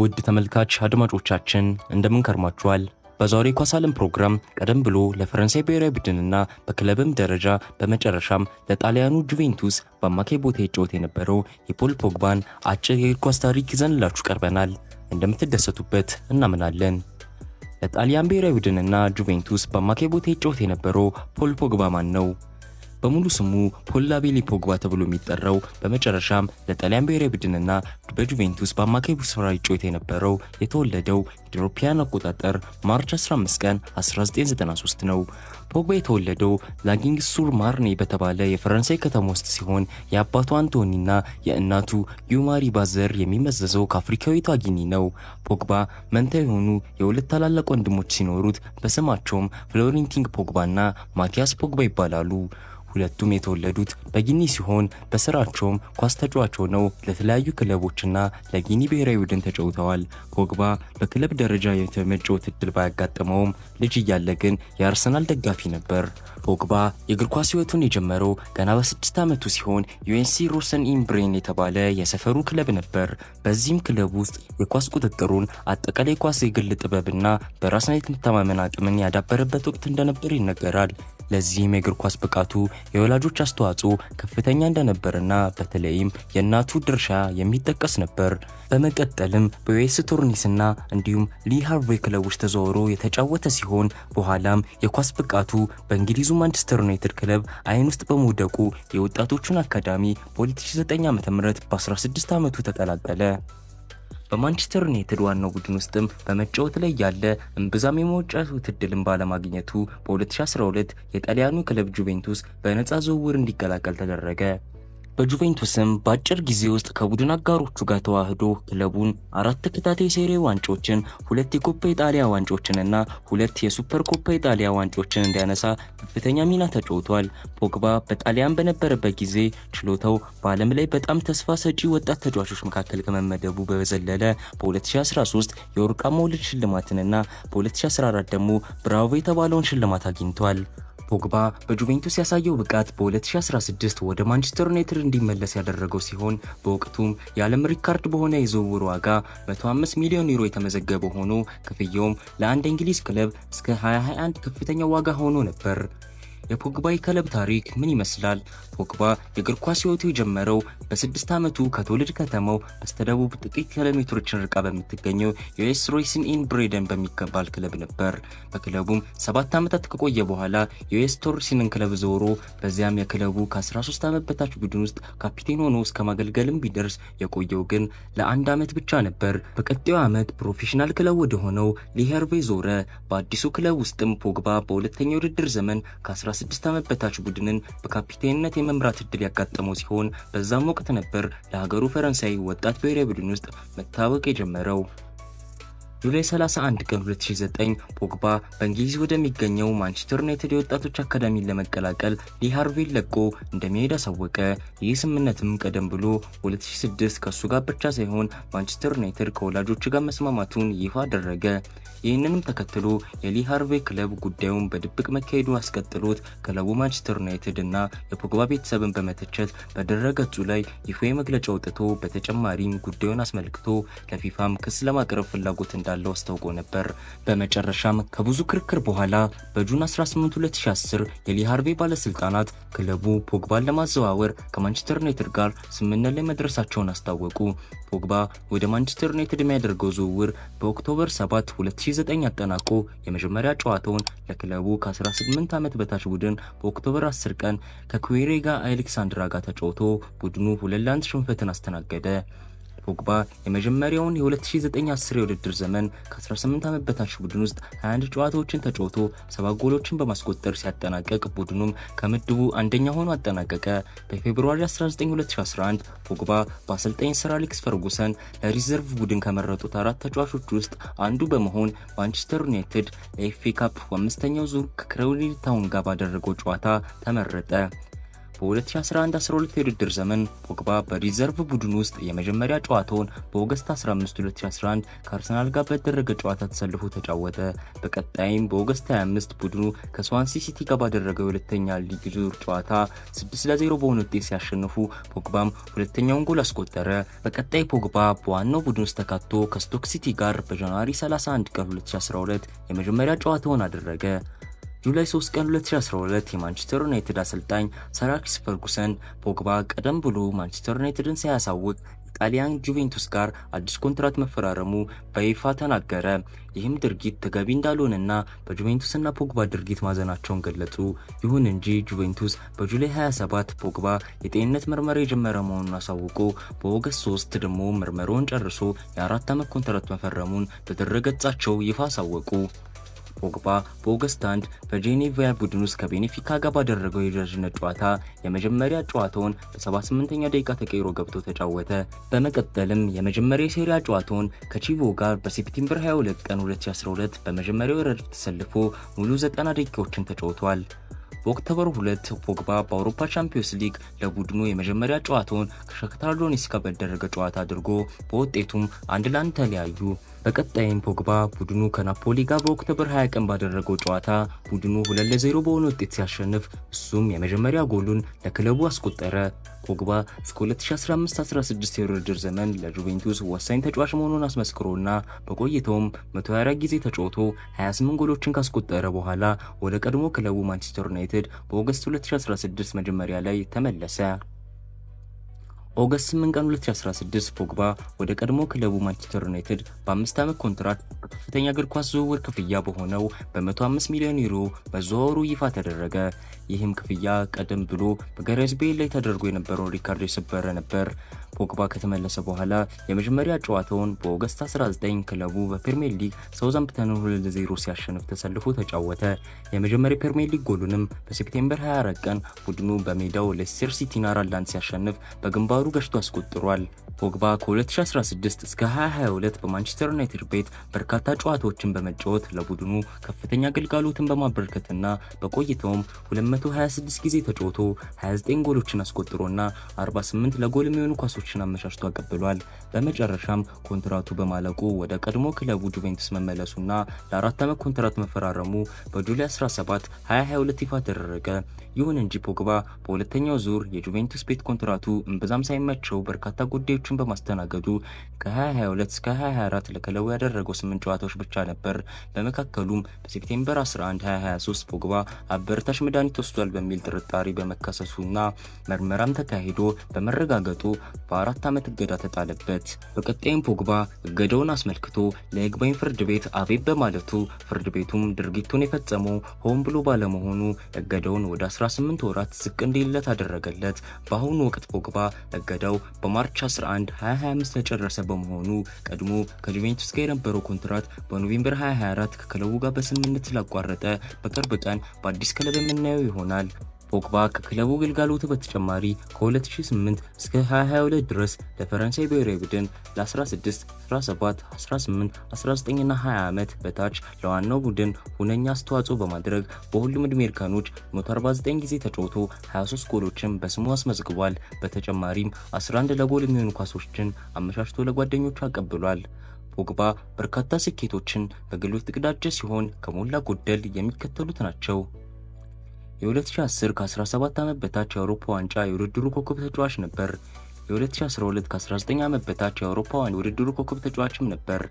ውድ ተመልካች አድማጮቻችን እንደምን ከርማችኋል? በዛሬ ኳስ ዓለም ፕሮግራም ቀደም ብሎ ለፈረንሳይ ብሔራዊ ቡድንና በክለብም ደረጃ በመጨረሻም ለጣሊያኑ ጁቬንቱስ በአማካይ ቦታ ይጫወት የነበረው የፖል ፖግባን አጭር የእግር ኳስ ታሪክ ይዘንላችሁ ቀርበናል። እንደምትደሰቱበት እናምናለን። ለጣሊያን ብሔራዊ ቡድንና ጁቬንቱስ በአማካይ ቦታ ይጫወት የነበረው ፖል ፖግባ ማን ነው? በሙሉ ስሙ ፖላቤሊ ፖግባ ተብሎ የሚጠራው በመጨረሻም ለጣሊያን ብሔራዊ ቡድንና በጁቬንቱስ በአማካይ ስፍራ ይጫወት የነበረው የተወለደው የአውሮፓውያን አቆጣጠር ማርች 15 ቀን 1993 ነው። ፖግባ የተወለደው ላጊንግ ሱር ማርኔ በተባለ የፈረንሳይ ከተማ ውስጥ ሲሆን የአባቱ አንቶኒና የእናቱ ዩማሪ ባዘር የሚመዘዘው ከአፍሪካዊቷ ጊኒ ነው። ፖግባ መንታ የሆኑ የሁለት ታላላቅ ወንድሞች ሲኖሩት በስማቸውም ፍሎሬንቲን ፖግባና ማቲያስ ፖግባ ይባላሉ። ሁለቱም የተወለዱት በጊኒ ሲሆን በስራቸውም ኳስ ተጫዋች ሆነው ለተለያዩ ክለቦችና ለጊኒ ብሔራዊ ቡድን ተጫውተዋል። ኮግባ በክለብ ደረጃ የተመጫወት እድል ባያጋጠመውም ልጅ እያለ ግን የአርሰናል ደጋፊ ነበር። ፖግባ የእግር ኳስ ህይወቱን የጀመረው ገና በስድስት ዓመቱ ሲሆን ዩኤንሲ ሮሰን ኢምብሬን የተባለ የሰፈሩ ክለብ ነበር። በዚህም ክለብ ውስጥ የኳስ ቁጥጥሩን፣ አጠቃላይ ኳስ፣ የግል ጥበብና በራስን የመተማመን አቅምን ያዳበረበት ወቅት እንደነበር ይነገራል። ለዚህም የእግር ኳስ ብቃቱ የወላጆች አስተዋጽኦ ከፍተኛ እንደነበርና በተለይም የእናቱ ድርሻ የሚጠቀስ ነበር። በመቀጠልም በዌስ ቶርኒስና እንዲሁም ሊ ሃርቬይ ክለቦች ተዘዋውሮ የተጫወተ ሲሆን በኋላም የኳስ ብቃቱ በእንግሊዙ ማንቸስተር ዩናይትድ ክለብ አይን ውስጥ በመውደቁ የወጣቶቹን አካዳሚ በ2009 ም በ16 ዓመቱ ተቀላቀለ። በማንቸስተር ዩናይትድ ዋናው ቡድን ውስጥም በመጫወት ላይ ያለ እምብዛም የመጫወት እድልን ባለማግኘቱ በ2012 የጣሊያኑ ክለብ ጁቬንቱስ በነፃ ዝውውር እንዲቀላቀል ተደረገ። በጁቬንቱስም በአጭር ጊዜ ውስጥ ከቡድን አጋሮቹ ጋር ተዋህዶ ክለቡን አራት ተከታታይ ሴሬ ዋንጮችን፣ ሁለት የኮፓ ኢጣሊያ ዋንጮችንና ሁለት የሱፐር ኮፓ ኢጣሊያ ዋንጮችን እንዲያነሳ ከፍተኛ ሚና ተጫውቷል። ፖግባ በጣሊያን በነበረበት ጊዜ ችሎታው በዓለም ላይ በጣም ተስፋ ሰጪ ወጣት ተጫዋቾች መካከል ከመመደቡ በዘለለ በ2013 የወርቃማ ወልድ ሽልማትንና በ2014 ደግሞ ብራቮ የተባለውን ሽልማት አግኝቷል። ፖግባ በጁቬንቱስ ያሳየው ብቃት በ2016 ወደ ማንቸስተር ዩናይትድ እንዲመለስ ያደረገው ሲሆን በወቅቱም የዓለም ሪካርድ በሆነ የዝውውር ዋጋ 105 ሚሊዮን ዩሮ የተመዘገበ ሆኖ ክፍያውም ለአንድ እንግሊዝ ክለብ እስከ 2021 ከፍተኛ ዋጋ ሆኖ ነበር። የፖግባ ክለብ ታሪክ ምን ይመስላል? ፖግባ የእግር ኳስ ህይወቱ የጀመረው በስድስት ዓመቱ ከትውልድ ከተማው በስተደቡብ ጥቂት ኪሎሜትሮችን ርቃ በምትገኘው ሮይስን ኢን ብሬደን በሚገባል ክለብ ነበር። በክለቡም ሰባት ዓመታት ከቆየ በኋላ ቶርሲንን ክለብ ዞሮ በዚያም የክለቡ ከ13 ዓመት በታች ቡድን ውስጥ ካፒቴን ሆኖ እስከ ማገልገልም ቢደርስ የቆየው ግን ለአንድ ዓመት ብቻ ነበር። በቀጣዩ ዓመት ፕሮፌሽናል ክለብ ወደሆነው ሊሄርቬ ዞረ። በአዲሱ ክለብ ውስጥም ፖግባ በሁለተኛ ውድድር ዘመን ከ ከ16 ዓመት በታች ቡድንን በካፒቴንነት የመምራት እድል ያጋጠመው ሲሆን በዛም ወቅት ነበር ለሀገሩ ፈረንሳይ ወጣት ብሔራዊ ቡድን ውስጥ መታወቅ የጀመረው። ጁላይ 31 ቀን 2009 ፖግባ በእንግሊዝ ወደሚገኘው ማንቸስተር ዩናይትድ የወጣቶች አካዳሚን ለመቀላቀል ሊሃርቬን ለቆ እንደሚሄድ አሳወቀ። ይህ ስምምነትም ቀደም ብሎ 2006 ከእሱ ጋር ብቻ ሳይሆን ማንቸስተር ዩናይትድ ከወላጆች ጋር መስማማቱን ይፋ አደረገ። ይህንንም ተከትሎ የሊሃርቬ ክለብ ጉዳዩን በድብቅ መካሄዱ አስቀጥሎት ክለቡ ማንቸስተር ዩናይትድ እና የፖግባ ቤተሰብን በመተቸት በድረገጹ ላይ ይፋ መግለጫ አውጥቶ በተጨማሪም ጉዳዩን አስመልክቶ ለፊፋም ክስ ለማቅረብ ፍላጎት እንዳለ እንዳለው አስታውቆ ነበር። በመጨረሻም ከብዙ ክርክር በኋላ በጁን 18 2010 የሊሃርቬ ባለስልጣናት ክለቡ ፖግባን ለማዘዋወር ከማንቸስተር ዩናይትድ ጋር ስምምነት ላይ መድረሳቸውን አስታወቁ። ፖግባ ወደ ማንቸስተር ዩናይትድ የሚያደርገው ዝውውር በኦክቶበር 7 2009 አጠናቆ የመጀመሪያ ጨዋታውን ለክለቡ ከ18 ዓመት በታች ቡድን በኦክቶበር 10 ቀን ከኩዌሬጋ አሌክሳንድራ ጋር ተጫውቶ ቡድኑ ሁለት ለአንድ ሽንፈትን አስተናገደ። ፖግባ የመጀመሪያውን የ2009/10 የውድድር ዘመን ከ18 ዓመት በታች ቡድን ውስጥ 21 ጨዋታዎችን ተጫውቶ 7 ጎሎችን በማስቆጠር ሲያጠናቀቅ ቡድኑም ከምድቡ አንደኛ ሆኖ አጠናቀቀ። በፌብሩዋሪ 19 2011 ፖግባ በአሰልጣኝ ሰር አሌክስ ፈርጉሰን ለሪዘርቭ ቡድን ከመረጡት አራት ተጫዋቾች ውስጥ አንዱ በመሆን ማንቸስተር ዩናይትድ ለኤፍኤ ካፕ በአምስተኛው ዙር ከክረውሊ ታውን ጋር ባደረገው ጨዋታ ተመረጠ። በ2011-12 የውድድር ዘመን ፖግባ በሪዘርቭ ቡድን ውስጥ የመጀመሪያ ጨዋታውን በኦገስት 15 2011 ከአርሰናል ጋር በተደረገ ጨዋታ ተሰልፎ ተጫወተ። በቀጣይም በኦገስት 25 ቡድኑ ከስዋንሲ ሲቲ ጋር ባደረገ ሁለተኛ ሊግ ዙር ጨዋታ 6 ለ0 በሆነ ውጤት ሲያሸንፉ ፖግባም ሁለተኛውን ጎል አስቆጠረ። በቀጣይ ፖግባ በዋናው ቡድን ውስጥ ተካቶ ከስቶክ ሲቲ ጋር በጃንዋሪ 31 ቀን 2012 የመጀመሪያ ጨዋታውን አደረገ። ጁላይ 3 ቀን 2012 የማንቸስተር ዩናይትድ አሰልጣኝ ሰር አሌክስ ፈርጉሰን ፖግባ ቀደም ብሎ ማንቸስተር ዩናይትድን ሳያሳውቅ ጣሊያን ጁቬንቱስ ጋር አዲስ ኮንትራት መፈራረሙ በይፋ ተናገረ። ይህም ድርጊት ተገቢ እንዳልሆነና በጁቬንቱስና ፖግባ ድርጊት ማዘናቸውን ገለጹ። ይሁን እንጂ ጁቬንቱስ በጁላይ 27 ፖግባ የጤንነት ምርመራ የጀመረ መሆኑን አሳውቆ በኦገስት 3 ደግሞ ምርመራውን ጨርሶ የአራት ዓመት ኮንትራት መፈረሙን በድረገጻቸው ይፋ አሳወቁ። ፖግባ በኦገስት አንድ በጄኔቫ ቡድን ውስጥ ከቤኔፊካ ጋር ባደረገው የወዳጅነት ጨዋታ የመጀመሪያ ጨዋታውን በ78ኛ ደቂቃ ተቀይሮ ገብቶ ተጫወተ። በመቀጠልም የመጀመሪያ የሴሪያ ጨዋታውን ከቺቮ ጋር በሴፕቴምበር 22 ቀን 2012 በመጀመሪያው ረድፍ ተሰልፎ ሙሉ 90 ደቂቃዎችን ተጫውቷል። በኦክቶበር 2 ፖግባ በአውሮፓ ቻምፒዮንስ ሊግ ለቡድኑ የመጀመሪያ ጨዋታውን ከሻክታር ዶኔትስክ ጋር ጨዋታ አድርጎ በውጤቱም አንድ ለአንድ ተለያዩ። በቀጣይም ፖግባ ቡድኑ ከናፖሊ ጋር በኦክቶበር 20 ቀን ባደረገው ጨዋታ ቡድኑ 2 ለ0 በሆነ ውጤት ሲያሸንፍ እሱም የመጀመሪያ ጎሉን ለክለቡ አስቆጠረ። ፖግባ እስከ 2015-16 የውድድር ዘመን ለጁቬንቱስ ወሳኝ ተጫዋች መሆኑን አስመስክሮና በቆይተውም 124 ጊዜ ተጫውቶ 28 ጎሎችን ካስቆጠረ በኋላ ወደ ቀድሞ ክለቡ ማንቸስተር ዩናይትድ በኦገስት 2016 መጀመሪያ ላይ ተመለሰ። ኦገስት 8 ቀን 2016 ፖግባ ወደ ቀድሞ ክለቡ ማንቸስተር ዩናይትድ በአምስት ዓመት ኮንትራክት በከፍተኛ እግር ኳስ ዝውውር ክፍያ በሆነው በ105 ሚሊዮን ዩሮ መዘዋወሩ ይፋ ተደረገ። ይህም ክፍያ ቀደም ብሎ በጋሬዝ ላይ ተደርጎ የነበረውን ሪካርዶ የሰበረ ነበር። ፖግባ ከተመለሰ በኋላ የመጀመሪያ ጨዋታውን በኦገስት 19 ክለቡ በፕሪሚየር ሊግ ሳውዛምፕተንን 2 ለ0 ሲያሸንፍ ተሰልፎ ተጫወተ። የመጀመሪያ ፕሪሚየር ሊግ ጎሉንም በሴፕቴምበር 24 ቀን ቡድኑ በሜዳው ሌስተር ሲቲን አራት ለአንድ ሲያሸንፍ በግንባሩ ገሽቶ አስቆጥሯል። ፖግባ ከ2016 እስከ 2022 በማንቸስተር ዩናይትድ ቤት በርካታ ጨዋታዎችን በመጫወት ለቡድኑ ከፍተኛ አገልጋሎትን በማበረከትና በቆይታውም 226 ጊዜ ተጫውቶ 29 ጎሎችን አስቆጥሮና 48 ለጎል የሚሆኑ ኳሶች ተጫዋቾችን አመቻችቶ አቀብሏል። በመጨረሻም ኮንትራቱ በማለቁ ወደ ቀድሞ ክለቡ ጁቬንቱስ መመለሱና ለአራት ዓመት ኮንትራት መፈራረሙ በጁላይ 17 2022 ይፋ ተደረገ። ይሁን እንጂ ፖግባ በሁለተኛው ዙር የጁቬንቱስ ቤት ኮንትራቱ እምብዛም ሳይመቸው በርካታ ጉዳዮችን በማስተናገዱ ከ2022 እስከ 2024 ለክለቡ ያደረገው ስምንት ጨዋታዎች ብቻ ነበር። በመካከሉም በሴፕቴምበር 11 2023 ፖግባ አበረታች መድኃኒት ወስዷል በሚል ጥርጣሬ በመከሰሱና ምርመራም ተካሂዶ በመረጋገጡ በ በአራት ዓመት እገዳ ተጣለበት። በቀጣይም ፖግባ እገዳውን አስመልክቶ ለይግባኝ ፍርድ ቤት አቤት በማለቱ ፍርድ ቤቱም ድርጊቱን የፈጸመው ሆን ብሎ ባለመሆኑ እገዳውን ወደ 18 ወራት ዝቅ እንዲለት አደረገለት። በአሁኑ ወቅት ፖግባ እገዳው በማርች 11 2025 ተጨረሰ በመሆኑ ቀድሞ ከጁቬንቱስ ጋር የነበረው ኮንትራት በኖቬምበር 2024 ከክለቡ ጋር በስምምነት ስላቋረጠ በቅርብ ቀን በአዲስ ክለብ የምናየው ይሆናል። ፖግባ ከክለቡ ግልጋሎት በተጨማሪ ከ2008 እስከ 2022 ድረስ ለፈረንሳይ ብሔራዊ ቡድን ለ16፣ 17፣ 18፣ 19ና 20 ዓመት በታች ለዋናው ቡድን ሁነኛ አስተዋጽኦ በማድረግ በሁሉም ዕድሜ እርከኖች 149 ጊዜ ተጫውቶ 23 ጎሎችን በስሙ አስመዝግቧል። በተጨማሪም 11 ለጎል የሚሆኑ ኳሶችን አመቻችቶ ለጓደኞቹ አቀብሏል። ፖግባ በርካታ ስኬቶችን በግሎት የተቀዳጀ ሲሆን ከሞላ ጎደል የሚከተሉት ናቸው። የ2010 ከ17 ዓመት በታች የአውሮፓ ዋንጫ የውድድሩ ኮከብ ተጫዋች ነበር። የ2012 ከ19 ዓመት በታች የአውሮፓ ዋንጫ የውድድሩ ኮከብ ተጫዋችም ነበር።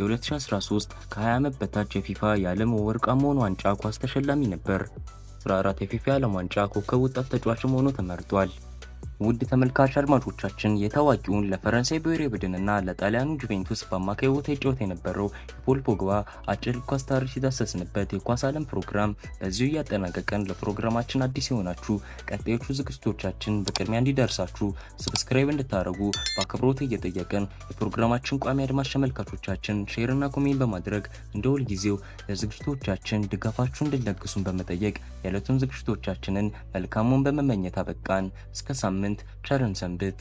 የ2013 ከ20 ዓመት በታች የፊፋ የዓለም ወርቃማውን ዋንጫ ኳስ ተሸላሚ ነበር። 14 የፊፋ የዓለም ዋንጫ ኮከብ ወጣት ተጫዋችም ሆኖ ተመርጧል። ውድ ተመልካች አድማጮቻችን የታዋቂውን ለፈረንሳይ ብሔራዊ ቡድንና ለጣሊያኑ ጁቬንቱስ በአማካይ ቦታ ይጫወት የነበረው የፖል ፖግባ አጭር ኳስ ታሪክ ሲዳሰስንበት የኳስ ዓለም ፕሮግራም በዚሁ እያጠናቀቀን። ለፕሮግራማችን አዲስ የሆናችሁ ቀጣዮቹ ዝግጅቶቻችን በቅድሚያ እንዲደርሳችሁ ሰብስክራይብ እንድታደርጉ በአክብሮት እየጠየቀን የፕሮግራማችን ቋሚ አድማጭ ተመልካቾቻችን ሼርና ኮሜን በማድረግ እንደ ጊዜው ለዝግጅቶቻችን ድጋፋችሁ እንድለግሱን በመጠየቅ የዕለቱን ዝግጅቶቻችንን መልካሙን በመመኘት አበቃን። እስከ ሳምንት ሳምንት ቸርን ሰንብት።